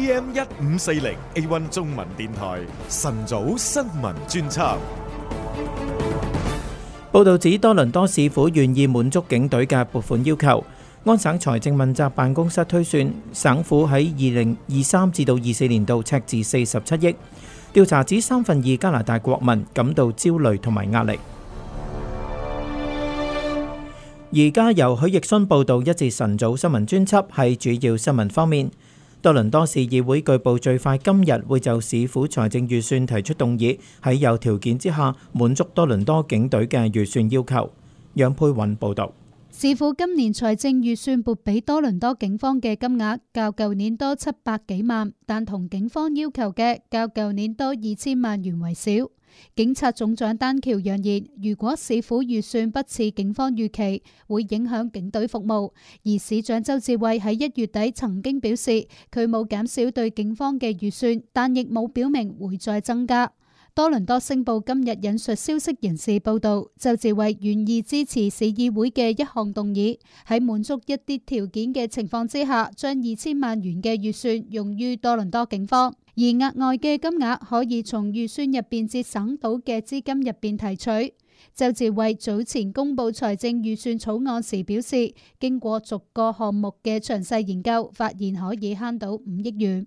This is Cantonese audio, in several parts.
AM 一五四零 A One 中文電台晨早新聞專輯，報道指多倫多市府願意滿足警隊嘅撥款要求。安省財政問責辦公室推算，省府喺二零二三至到二四年度赤字四十七億。調查指三分二加拿大國民感到焦慮同埋壓力。而家由許奕迅報道，一節晨早新聞專輯係主要新聞方面。多倫多市議會據報最快今日會就市府財政預算提出動議，喺有條件之下滿足多倫多警隊嘅預算要求。楊佩雲報導。市府今年財政預算撥俾多倫多警方嘅金額較舊年多七百幾萬，但同警方要求嘅較舊年多二千萬元為少。警察總長單橋揚言，如果市府預算不似警方預期，會影響警隊服務。而市長周志偉喺一月底曾經表示，佢冇減少對警方嘅預算，但亦冇表明會再增加。多倫多星報今日引述消息人士報導，鄒至蕙願意支持市議會嘅一項動議，喺滿足一啲條件嘅情況之下，將二千萬元嘅預算用於多倫多警方，而額外嘅金額可以從預算入邊節省到嘅資金入邊提取。鄒至蕙早前公布財政預算草案時表示，經過逐個項目嘅詳細研究，發現可以慳到五億元。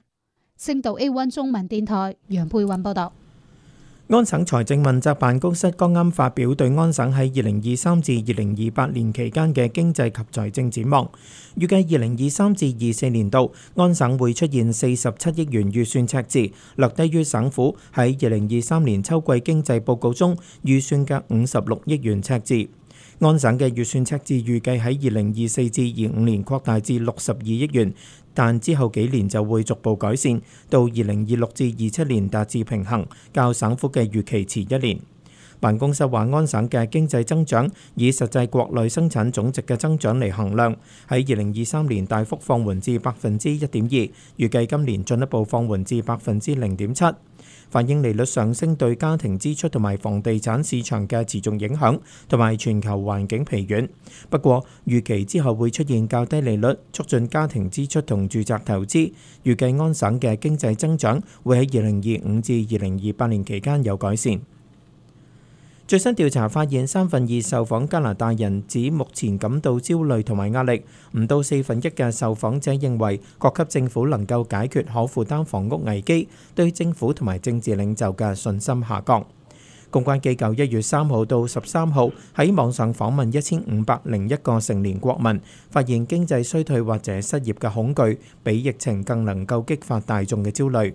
星島 A1 中文電台楊佩云報道。安省財政問責辦公室剛啱發表對安省喺二零二三至二零二八年期間嘅經濟及財政展望，預計二零二三至二四年度安省會出現四十七億元預算赤字，略低於省府喺二零二三年秋季經濟報告中預算嘅五十六億元赤字。安省嘅預算赤字預計喺二零二四至二五年擴大至六十二億元，但之後幾年就會逐步改善，到二零二六至二七年達至平衡，較省府嘅預期遲一年。辦公室話，安省嘅經濟增長以實際國內生產總值嘅增長嚟衡量，喺二零二三年大幅放緩至百分之一點二，預計今年進一步放緩至百分之零點七。反映利率上升對家庭支出同埋房地產市場嘅持續影響，同埋全球環境疲軟。不過，預期之後會出現較低利率，促進家庭支出同住宅投資，預計安省嘅經濟增長會喺二零二五至二零二八年期間有改善。最新調查發現，三分二受訪加拿大人指目前感到焦慮同埋壓力，唔到四分一嘅受訪者認為各級政府能夠解決可負擔房屋危機，對政府同埋政治領袖嘅信心下降。公關機構一月三號到十三號喺網上訪問一千五百零一個成年國民，發現經濟衰退或者失業嘅恐懼，比疫情更能夠激發大眾嘅焦慮。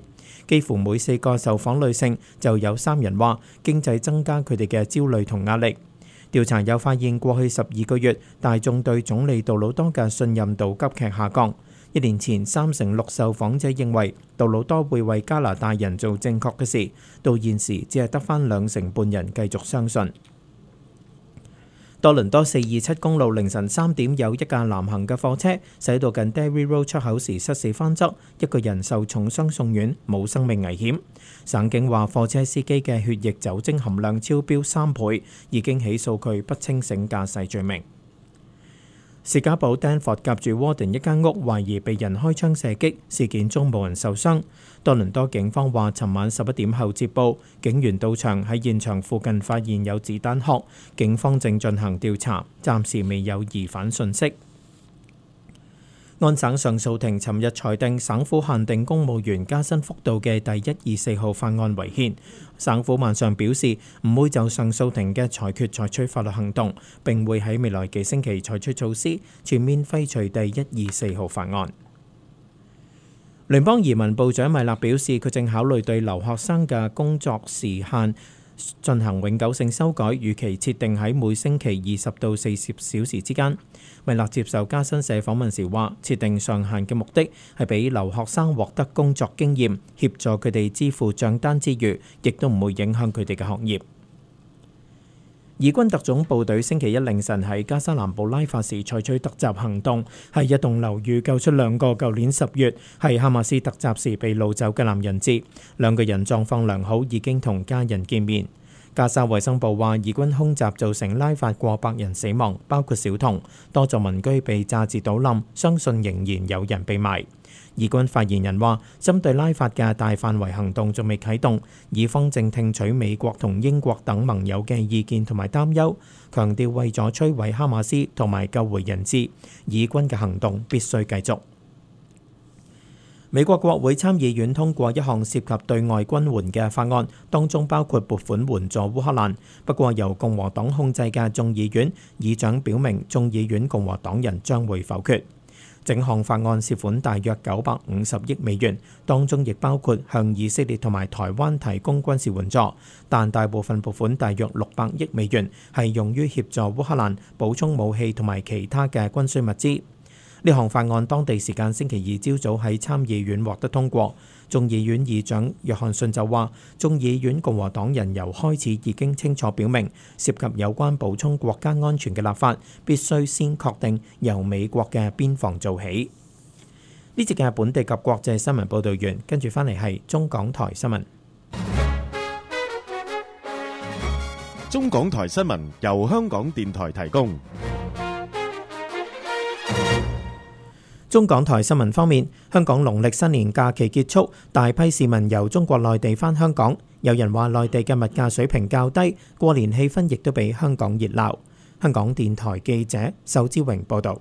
幾乎每四個受訪女性就有三人話經濟增加佢哋嘅焦慮同壓力。調查又發現過去十二個月，大眾對總理杜魯多嘅信任度急劇下降。一年前，三成六受訪者認為杜魯多會為加拿大人做正確嘅事，到現時只係得返兩成半人繼續相信。多倫多四二七公路凌晨三點有一架南行嘅貨車駛到近 Derry Road 出口時失事翻側，一個人受重傷送院，冇生命危險。省警話貨車司機嘅血液酒精含量超標三倍，已經起訴佢不清醒駕駛罪名。士嘉堡丹佛隔住沃頓一間屋，懷疑被人開槍射擊，事件中冇人受傷。多倫多警方話，尋晚十一點後接報，警員到場喺現場附近發現有子彈殼，警方正進行調查，暫時未有疑犯信息。安省上訴庭尋日裁定省府限定公務員加薪幅度嘅第一二四號法案違憲，省府晚上表示唔會就上訴庭嘅裁決採取法律行動，並會喺未來幾星期採取措施全面廢除第一二四號法案。聯邦移民部長米勒表示，佢正考慮對留學生嘅工作時限進行永久性修改，預期設定喺每星期二十到四十小時之間。米勒接受加新社訪問時話，設定上限嘅目的係俾留學生獲得工作經驗，協助佢哋支付帳單之餘，亦都唔會影響佢哋嘅學業。以軍特種部隊星期一凌晨喺加沙南部拉法市採取突襲行動，喺一棟樓宇救出兩個舊年十月喺哈馬斯突襲時被擄走嘅男人質，兩個人狀況良好，已經同家人見面。加沙衛生部話，以軍空襲造成拉法過百人死亡，包括小童，多座民居被炸至倒冧，相信仍然有人被埋。以軍發言人話，針對拉法嘅大範圍行動仲未啟動，以方正聽取美國同英國等盟友嘅意見同埋擔憂，強調為咗摧毀哈馬斯同埋救回人質，以軍嘅行動必須繼續。美國國會參議院通過一項涉及對外軍援嘅法案，當中包括撥款援助烏克蘭。不過，由共和黨控制嘅眾議院議長表明，眾議院共和黨人將會否決。整項法案涉款大約九百五十億美元，當中亦包括向以色列同埋台灣提供軍事援助，但大部分撥款大約六百億美元係用於協助烏克蘭補充武器同埋其他嘅軍需物資。呢項法案當地時間星期二朝早喺參議院獲得通過，眾議院議長約翰遜就話：眾議院共和黨人由開始已經清楚表明，涉及有關補充國家安全嘅立法，必須先確定由美國嘅邊防做起。呢節嘅本地及國際新聞報導完，跟住翻嚟係中港台新聞。中港台新聞由香港電台提供。中港台新聞方面，香港農曆新年假期結束，大批市民由中國內地返香港。有人話內地嘅物價水平較低，過年氣氛亦都比香港熱鬧。香港電台記者仇之榮報導。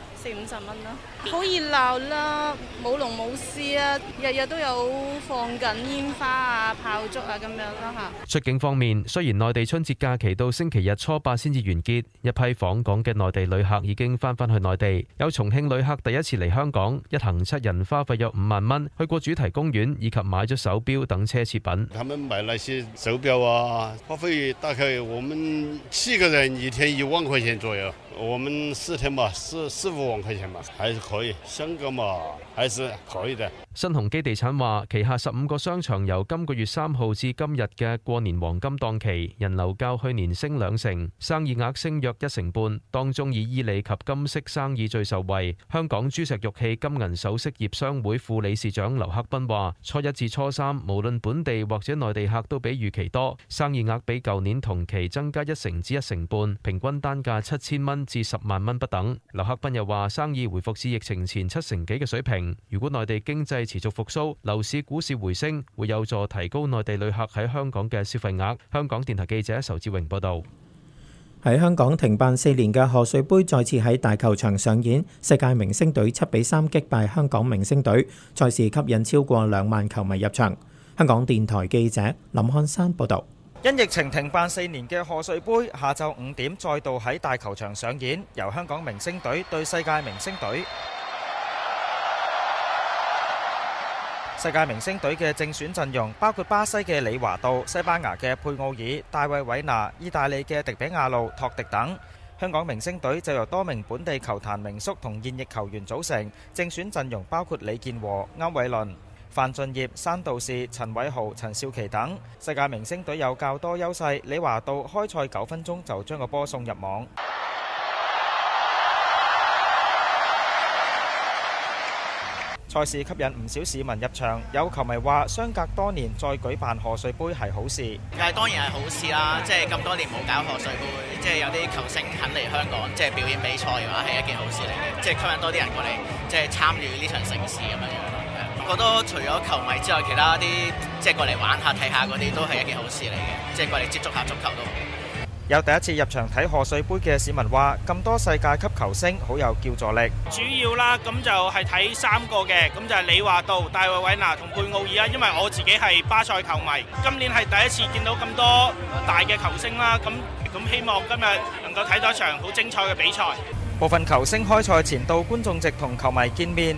四五十蚊咯，好熱鬧啦，冇龍冇獅啊，日日都有放緊煙花啊、炮竹啊咁樣啦、啊、吓。出境方面，雖然內地春節假期到星期日初八先至完結，一批訪港嘅內地旅客已經翻返去內地。有重慶旅客第一次嚟香港，一行七人花費約五萬蚊，去過主題公園以及買咗手表等奢侈品。他們買那些手表啊，花費大概我們七個人一天一萬塊錢左右。我們四天嘛，四四五萬塊錢嘛，還是可以，升個嘛，還是可以的。新鴻基地產話，旗下十五個商場由今個月三號至今日嘅過年黃金檔期，人流較去年升兩成，生意額升約一成半，當中以伊利及金色生意最受惠。香港珠石玉器、金銀首飾業商會副理事長劉克斌話：初一至初三，無論本地或者內地客都比預期多，生意額比舊年同期增加一成至一成半，平均單價七千蚊。至十萬蚊不等。劉克斌又話：生意回復至疫情前七成幾嘅水平。如果內地經濟持續復甦，樓市股市回升，會有助提高內地旅客喺香港嘅消費額。香港電台記者仇志榮報導。喺香港停辦四年嘅賀歲杯再次喺大球場上演，世界明星隊七比三擊敗香港明星隊，賽事吸引超過兩萬球迷入場。香港電台記者林漢山報導。因疫情停辦四年嘅賀歲杯，下晝五點再度喺大球場上演，由香港明星隊對世界明星隊。世界明星隊嘅正選陣容包括巴西嘅李華度、西班牙嘅佩奧爾、大衛韋拿、意大利嘅迪比亞路、托迪等。香港明星隊就由多名本地球壇名宿同現役球員組成，正選陣容包括李健和、歐偉倫。范俊業、山道士、陳偉豪、陳少琪等。世界明星隊有較多優勢，李華到開賽九分鐘就將個波送入網。賽事吸引唔少市民入場，有球迷話，相隔多年再舉辦賀歲杯係好事。但係當然係好事啦，即係咁多年冇搞賀歲杯，即係有啲球星肯嚟香港即係表演比賽嘅話係一件好事嚟嘅，即係吸引多啲人過嚟即係參與呢場盛事咁樣。我都除咗球迷之外，其他啲即係過嚟玩下睇下嗰啲都係一件好事嚟嘅，即係過嚟接觸下足球都好。有第一次入場睇賀歲杯嘅市民話：咁多世界級球星好有叫座力。主要啦，咁就係睇三個嘅，咁就係李華度、戴維維娜同潘奧爾啦。因為我自己係巴塞球迷，今年係第一次見到咁多大嘅球星啦。咁咁希望今日能夠睇到一場好精彩嘅比賽。部分球星開賽前到觀眾席同球迷見面。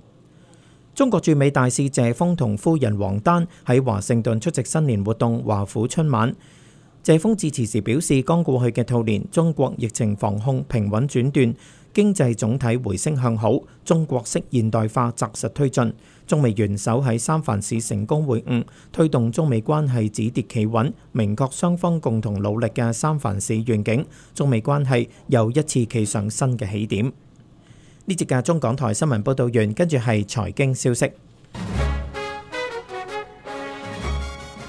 中國駐美大使謝鋒同夫人王丹喺華盛頓出席新年活動華府春晚。謝鋒致辭時表示，剛過去嘅兔年，中國疫情防控平穩轉段，經濟總體回升向好，中國式現代化紮實推進。中美元首喺三藩市成功會晤，推動中美關係止跌企穩，明確雙方共同努力嘅三藩市願景，中美關係又一次企上新嘅起點。呢節嘅中港台新聞報道完，跟住係財經消息。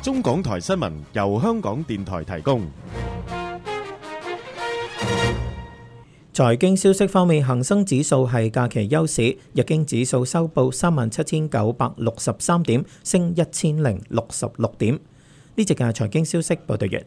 中港台新聞由香港電台提供。財經消息方面，恒生指數係假期休市，日經指數收報三萬七千九百六十三點，升一千零六十六點。呢節嘅財經消息報道完。